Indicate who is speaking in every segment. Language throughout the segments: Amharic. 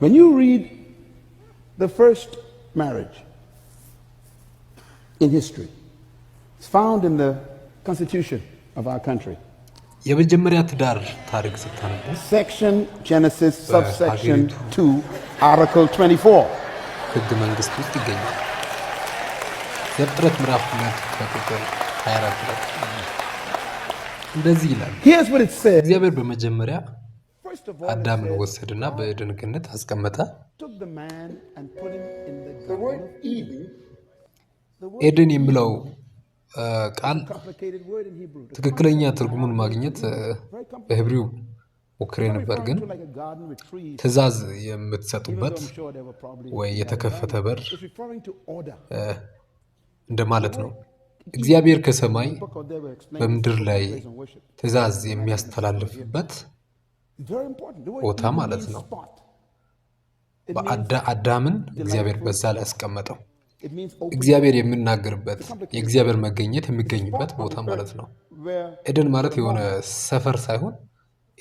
Speaker 1: When you read the first marriage in history, it's found in the constitution of our country.
Speaker 2: የመጀመሪያ ትዳር ታሪክ ስታነቡ
Speaker 1: ሴክሽን ጄኔሲስ ሰብሴክሽን 2 አርቲክል 24
Speaker 2: ህግ መንግስት ውስጥ ይገኛል። ዘፍጥረት ምዕራፍ 2 ቁጥር 24 እንደዚህ ይላል። እግዚአብሔር በመጀመሪያ አዳምን ወሰድና በኤደን ገነት አስቀመጠ። ኤደን የሚለው uh, ቃል ትክክለኛ ትርጉሙን ማግኘት uh, በህብሪው ሞክሬ ነበር፣ ግን ትእዛዝ የምትሰጡበት ወይ የተከፈተ በር uh, እንደማለት ነው። እግዚአብሔር ከሰማይ በምድር ላይ ትእዛዝ የሚያስተላልፍበት ቦታ ማለት ነው። አዳምን እግዚአብሔር በዛ ላይ ያስቀመጠው እግዚአብሔር የምናገርበት የእግዚአብሔር መገኘት የሚገኝበት ቦታ ማለት ነው። ኤደን ማለት የሆነ ሰፈር ሳይሆን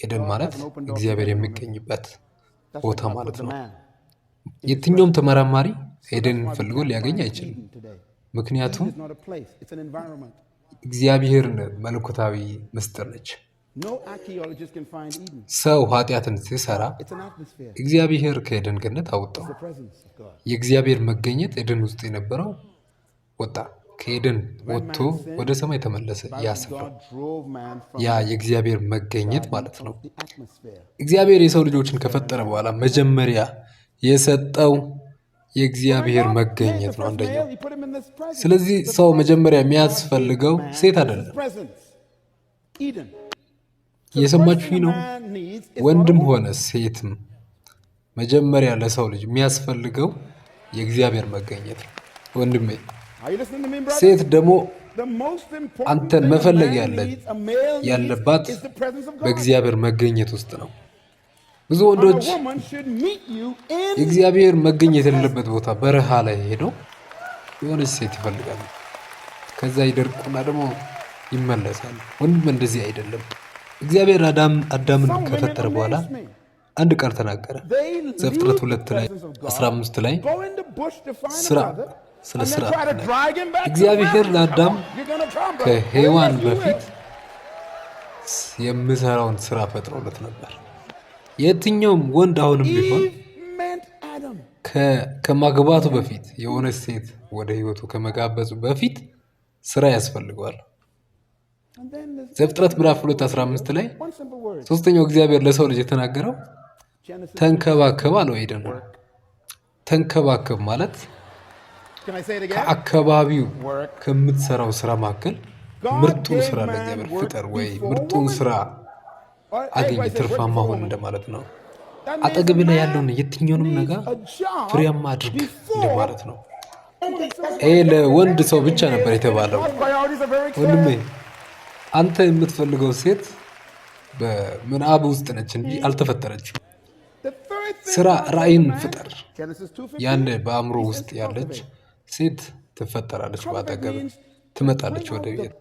Speaker 2: ኤደን ማለት እግዚአብሔር የሚገኝበት ቦታ ማለት ነው። የትኛውም ተመራማሪ ኤደን ፈልጎ ሊያገኝ አይችልም። ምክንያቱም እግዚአብሔርን መለኮታዊ ምስጢር ነች። ሰው ኃጢአትን ሲሰራ እግዚአብሔር ከኤደን ገነት አወጣው። የእግዚአብሔር መገኘት ኤደን ውስጥ የነበረው ወጣ፣ ከኤደን ወጥቶ ወደ ሰማይ ተመለሰ። ያ ያ የእግዚአብሔር መገኘት ማለት ነው። እግዚአብሔር የሰው ልጆችን ከፈጠረ በኋላ መጀመሪያ የሰጠው የእግዚአብሔር መገኘት ነው አንደኛው። ስለዚህ ሰው መጀመሪያ የሚያስፈልገው ሴት አይደለም እየሰማችሁ ነው። ወንድም ሆነ ሴትም መጀመሪያ ለሰው ልጅ የሚያስፈልገው የእግዚአብሔር መገኘት ነው። ወንድሜ ሴት ደግሞ አንተን መፈለግ ያለባት በእግዚአብሔር መገኘት ውስጥ ነው። ብዙ ወንዶች የእግዚአብሔር መገኘት የሌለበት ቦታ በረሃ ላይ ሄደው የሆነች ሴት ይፈልጋሉ። ከዛ ይደርቁና ደግሞ ይመለሳሉ። ወንድም እንደዚህ አይደለም። እግዚአብሔር አዳምን ከፈጠረ በኋላ አንድ ቃል ተናገረ። ዘፍጥረት ሁለት ላይ 15 ላይ ስራ ስለ ስራ እግዚአብሔር ለአዳም ከሔዋን በፊት የምሰራውን ስራ ፈጥሮለት ነበር። የትኛውም ወንድ አሁንም ቢሆን ከማግባቱ በፊት የሆነ ሴት ወደ ህይወቱ ከመጋበዙ በፊት ስራ ያስፈልገዋል። ዘፍጥረት ምዕራፍ 2 15 ላይ ሶስተኛው እግዚአብሔር ለሰው ልጅ የተናገረው ተንከባከብ አለው ኤደን ነው። ተንከባከብ ማለት ከአካባቢው ከምትሰራው ስራ መካከል ምርጡን ስራ ለእግዚአብሔር ፍጠር ወይ ምርጡን ስራ አገኝ፣ ትርፋማ ሆን እንደማለት ነው። አጠገብ ላይ ያለውን የትኛውንም ነገር ፍሬያማ አድርግ እንደማለት ነው። ይሄ ለወንድ ሰው ብቻ ነበር የተባለው ወንድሜ አንተ የምትፈልገው ሴት በምናብ ውስጥ ነች እንጂ አልተፈጠረችም። ስራ ራእይን ፍጠር። ያን በአእምሮ ውስጥ ያለች ሴት ትፈጠራለች፣ በአጠገብ ትመጣለች ወደ ቤት።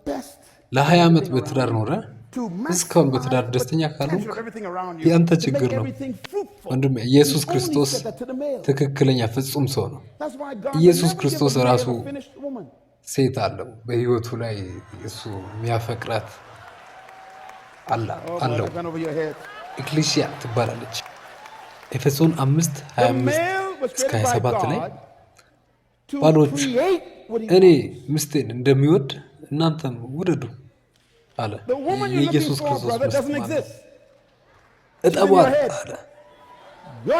Speaker 2: ለሀያ ዓመት በትዳር ኖረ እስካሁን በትዳር ደስተኛ ካልሆንክ የአንተ ችግር ነው ወንድም። ኢየሱስ ክርስቶስ ትክክለኛ ፍጹም ሰው ነው። ኢየሱስ ክርስቶስ ራሱ ሴት አለው በህይወቱ ላይ እሱ የሚያፈቅራት አለው። ኤክሌሲያ ትባላለች። ኤፌሶን 5 25 እስከ 27 ላይ ባሎች እኔ ምስቴን እንደሚወድ እናንተም ውደዱ አለ። የኢየሱስ ክርስቶስ እጠቧት አለ።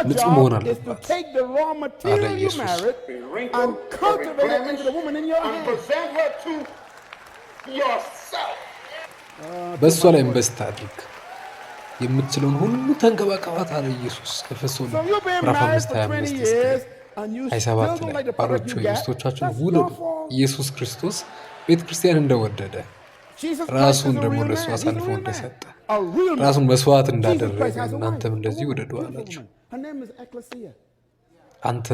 Speaker 2: ንጹሕ መሆን አለባት አለ ኢየሱስ። uh, በእሷ ላይ ኢንቨስት አድርግ፣ የምትችለውን ሁሉ ተንከባከባት አለ ኢየሱስ። ኤፌሶን ምዕራፍ አምስት ሀያ አምስት ሀያ ሰባት ላይ ባሎች ሆይ ሚስቶቻችሁን ውደዱ፣ ኢየሱስ ክርስቶስ ቤተ ክርስቲያን እንደወደደ ራሱን ደግሞ ለእሱ አሳልፎ እንደሰጠ ራሱን መስዋዕት እንዳደረገ እናንተም እንደዚህ ውደዱ አላቸው። አንተ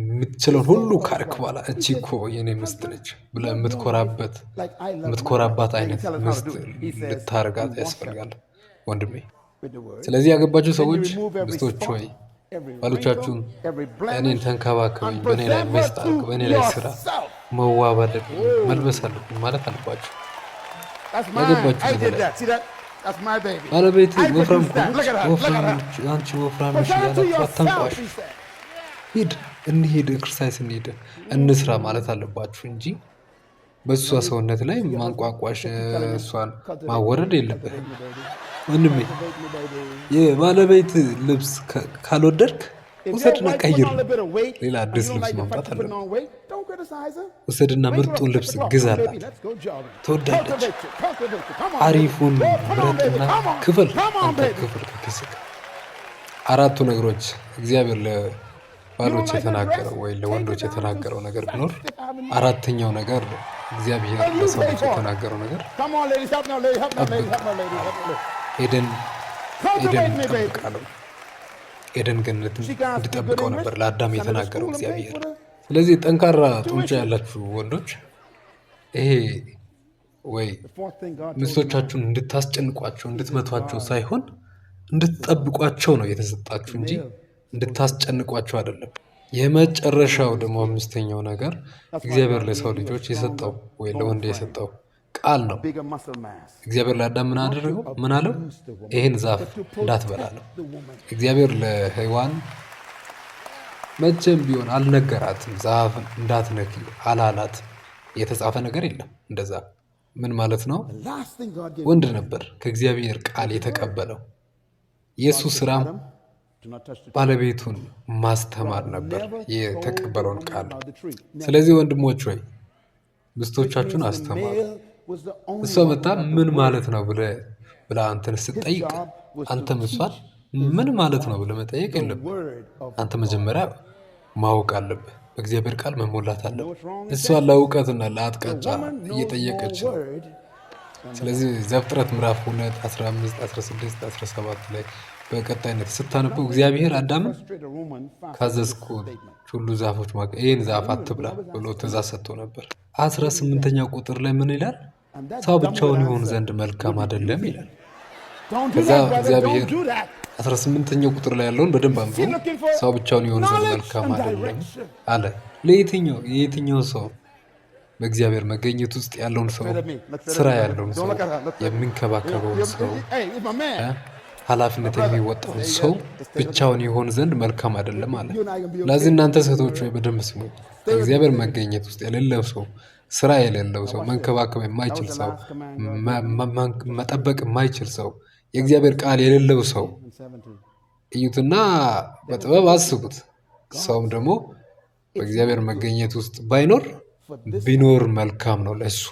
Speaker 2: የምትችለውን ሁሉ ካርክ በኋላ እቺ እኮ የኔ ምስት ነች ብለህ የምትኮራበት የምትኮራባት አይነት ምስት ልታረጋት ያስፈልጋል ወንድሜ። ስለዚህ ያገባቸው ሰዎች ምስቶች ሆይ ባሎቻችሁን እኔን ተንከባከቡኝ፣ በእኔ ላይ መስት አድርግ፣ በእኔ ላይ ስራ፣ መዋብ አለብኝ፣ መልበስ አለብኝ ማለት አለባችሁ ያገባችሁ ባለቤት ወፍራም ከሆነች ወፍራሞች አንቺ ወፍራሞች አታንቋሽ። ሂድ እንሂድ፣ ኤክሰርሳይዝ እንሂድ፣ እንስራ ማለት አለባችሁ እንጂ በእሷ ሰውነት ላይ ማንቋቋሽ፣ እሷን ማወረድ የለብህም ወንድሜ። የባለቤት ልብስ ካልወደድክ ውሰድና ቀይር። ሌላ አዲስ ልብስ ማምጣት አለ። ውሰድና ምርጡን ልብስ ግዛላት። ትወዳለች። አሪፉን ምረጥና ክፍል አንተ ክፍል ከኪስህ አራቱ ነገሮች እግዚአብሔር ለባሎች የተናገረው ወይ ለወንዶች የተናገረው ነገር ቢኖር አራተኛው ነገር እግዚአብሔር ለሰው ልጅ የተናገረው ነገር ጠብቅ፣ ኤደን ጠብቃለው ኤደን ገነትን እንድጠብቀው ነበር ለአዳም የተናገረው እግዚአብሔር። ስለዚህ ጠንካራ ጡንቻ ያላችሁ ወንዶች ይሄ ወይ ሚስቶቻችሁን እንድታስጨንቋቸው እንድትመቷቸው ሳይሆን እንድትጠብቋቸው ነው የተሰጣችሁ እንጂ እንድታስጨንቋቸው አይደለም። የመጨረሻው ደግሞ አምስተኛው ነገር እግዚአብሔር ለሰው ልጆች የሰጠው ወይ ለወንድ የሰጠው ቃል ነው። እግዚአብሔር ለአዳም ምን አደረገው? ምን አለው? ይህን ዛፍ እንዳትበላ ነው። እግዚአብሔር ለሔዋን መቼም ቢሆን አልነገራትም። ዛፍ እንዳትነኪ አላላት። የተጻፈ ነገር የለም እንደዛ። ምን ማለት ነው? ወንድ ነበር ከእግዚአብሔር ቃል የተቀበለው። የእሱ ስራም ባለቤቱን ማስተማር ነበር፣ የተቀበለውን ቃል። ስለዚህ ወንድሞች ሆይ ሚስቶቻችሁን አስተማሩ። እሷ መጣ ምን ማለት ነው ብለ ብላ አንተን ስትጠይቅ አንተ ምሷል ምን ማለት ነው ብለ መጠየቅ የለም አንተ መጀመሪያ ማወቅ አለብ በእግዚአብሔር ቃል መሞላት አለ እሷ ለእውቀትና ለአጥቃጫ እየጠየቀች ነው። ስለዚህ ዘፍጥረት ምዕራፍ 2 15 16 17 ላይ በቀጣይነት ስታነበው እግዚአብሔር አዳምን ካዘዝኩ ሁሉ ዛፎች ይህን ዛፍ አትብላ ብሎ ትእዛዝ ሰጥቶ ነበር። አስራ ስምንተኛው ቁጥር ላይ ምን ይላል? ሰው ብቻውን ይሆን ዘንድ መልካም አይደለም ይላል። ከዛ እግዚአብሔር 18ኛው ቁጥር ላይ ያለውን በደንብ አንብ ሰው ብቻውን ይሆን ዘንድ መልካም አይደለም አለ። ለየትኛው የየትኛው ሰው በእግዚአብሔር መገኘት ውስጥ ያለውን ሰው፣ ስራ ያለውን ሰው፣ የሚንከባከበውን ሰው፣ ኃላፊነት የሚወጣውን ሰው ብቻውን ይሆን ዘንድ መልካም አይደለም አለ። ለዚህ እናንተ ሴቶች ወይ በደንብ ስሙ። በእግዚአብሔር መገኘት ውስጥ የሌለው ሰው ስራ የሌለው ሰው፣ መንከባከብ የማይችል ሰው፣ መጠበቅ የማይችል ሰው፣ የእግዚአብሔር ቃል የሌለው ሰው እዩትና በጥበብ አስቡት። ሰውም ደግሞ በእግዚአብሔር መገኘት ውስጥ ባይኖር ቢኖር መልካም ነው ለሱ።